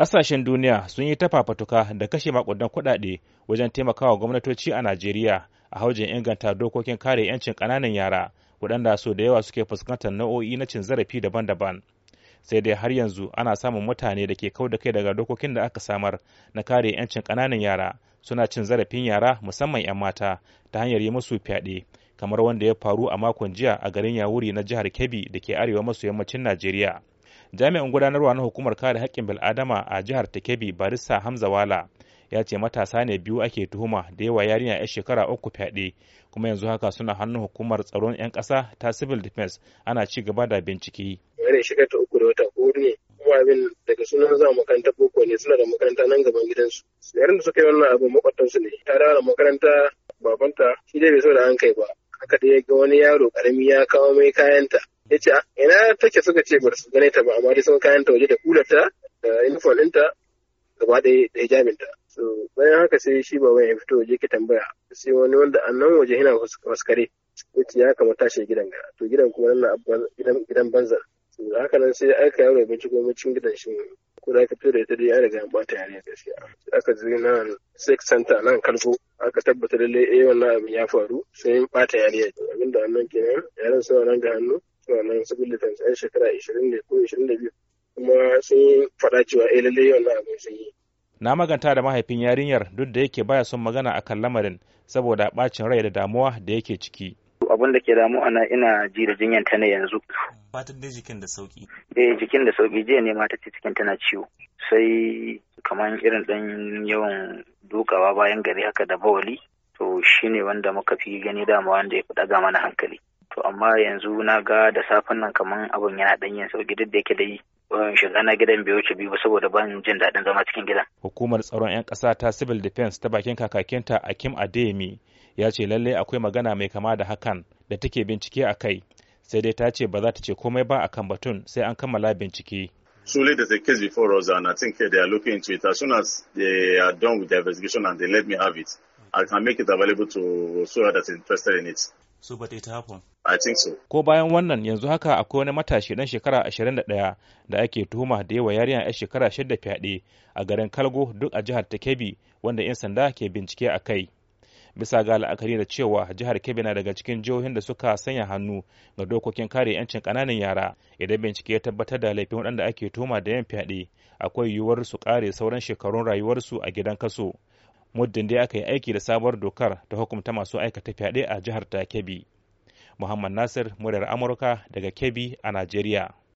Ƙasashen duniya sun yi ta fafatuka da kashe makudan kuɗaɗe wajen taimakawa gwamnatoci a Najeriya a haujin inganta dokokin kare 'yancin ƙananan yara waɗanda so da yawa suke fuskantar nau'o'i na cin zarafi daban-daban. Sai dai har yanzu ana samun mutane da ke kau da kai daga dokokin da aka samar na kare 'yancin ƙananan yara suna cin zarafin yara musamman 'yan mata ta hanyar yi musu fyaɗe kamar wanda ya faru a makon jiya a garin Yawuri na jihar Kebbi da ke arewa maso yammacin Najeriya. jami'in gudanarwa na hukumar kare haƙƙin bil'adama a jihar takebi barissa hamzawala ya ce matasa ne biyu ake tuhuma da yawa yarinya ya shekara uku fyaɗe kuma yanzu haka suna hannun hukumar tsaron 'yan ƙasa ta civil defense ana ci gaba da bincike. Yare shiga ta uku da wata ne kuma abin daga sunan za makaranta boko ne suna da makaranta nan gaban gidansu. Yarin da suka yi wannan abu su ne ta dawo makaranta babanta shi dai bai so da an kai ba. Haka dai ga wani yaro karami ya kawo mai kayanta ya ce ah, ina take suka ce bari su gane ta ba amma dai sun kayan ta waje da kulata da uniform ɗinta gaba ɗaya da ta so bayan haka sai shi baban ya fito waje ke tambaya sai wani wanda a nan waje yana waskare ya ce ya kamata shi gidan ga to gidan kuma nan gidan gidan banza so haka nan sai aika yaro ya binciko mucin gidan shi ko da aka fito da ita dai an riga ya bata yare gaskiya aka je na sex center nan kalgo aka tabbata lallai eh wannan abin ya faru sai bata yare abinda annan kenan yaran sai nan ga hannu suna nan civil defense yan shekara 20 ko 22 kuma sun yi faɗa cewa eh lallai wannan abin sun yi. Na maganta da mahaifin yarinyar duk da yake baya son magana akan lamarin saboda bacin rai da damuwa da yake ciki. Abin da ke damuwa na ina ji da jinyar ta ne yanzu. Fatan dai jikin da sauki. Eh jikin da sauki jiya ne mata ce cikin tana ciwo. Sai kamar irin dan yawan dukawa bayan gari haka da bawali. To shine wanda muka fi gani dama wanda ya fi daga mana hankali. to amma yanzu na ga da safen nan kaman abun yana dan yin sauki duk da yake dai shiga na gidan biyo wuce biyu saboda ban jin daɗin zama cikin gidan. Hukumar tsaron 'yan kasa ta Civil Defense ta bakin kakakinta Akim Adeyemi ya ce lallai akwai magana mai kama da hakan da take bincike a kai sai dai ta ce ba za ta ce komai ba kan batun sai an kammala bincike. Surely there's a case before us and I think they are looking into it. As soon as they are done with the investigation and they let me have it, I can make it available to so that interested in it. So but it happened. I think so. Ko bayan wannan yanzu haka akwai wani matashi dan shekara 21 da ake tuhuma da yawa yarinya yar shekara 6 fyaɗe a garin Kalgo duk a jihar ta Kebbi wanda 'yan sanda ke bincike a kai. Bisa ga la'akari da cewa jihar Kebbi na daga cikin jihohin da suka sanya hannu ga dokokin kare 'yancin ƙananan yara idan bincike ya tabbatar da laifin waɗanda ake tuhuma da yan fyaɗe akwai yiwuwar su kare sauran shekarun rayuwarsu a gidan kaso. muddin dai aka yi aiki da sabuwar dokar ta hukumta masu aikata fyaɗe a jihar ta Kebbi. Muhammad Nasir, muryar Amurka daga Kebbi a Najeriya.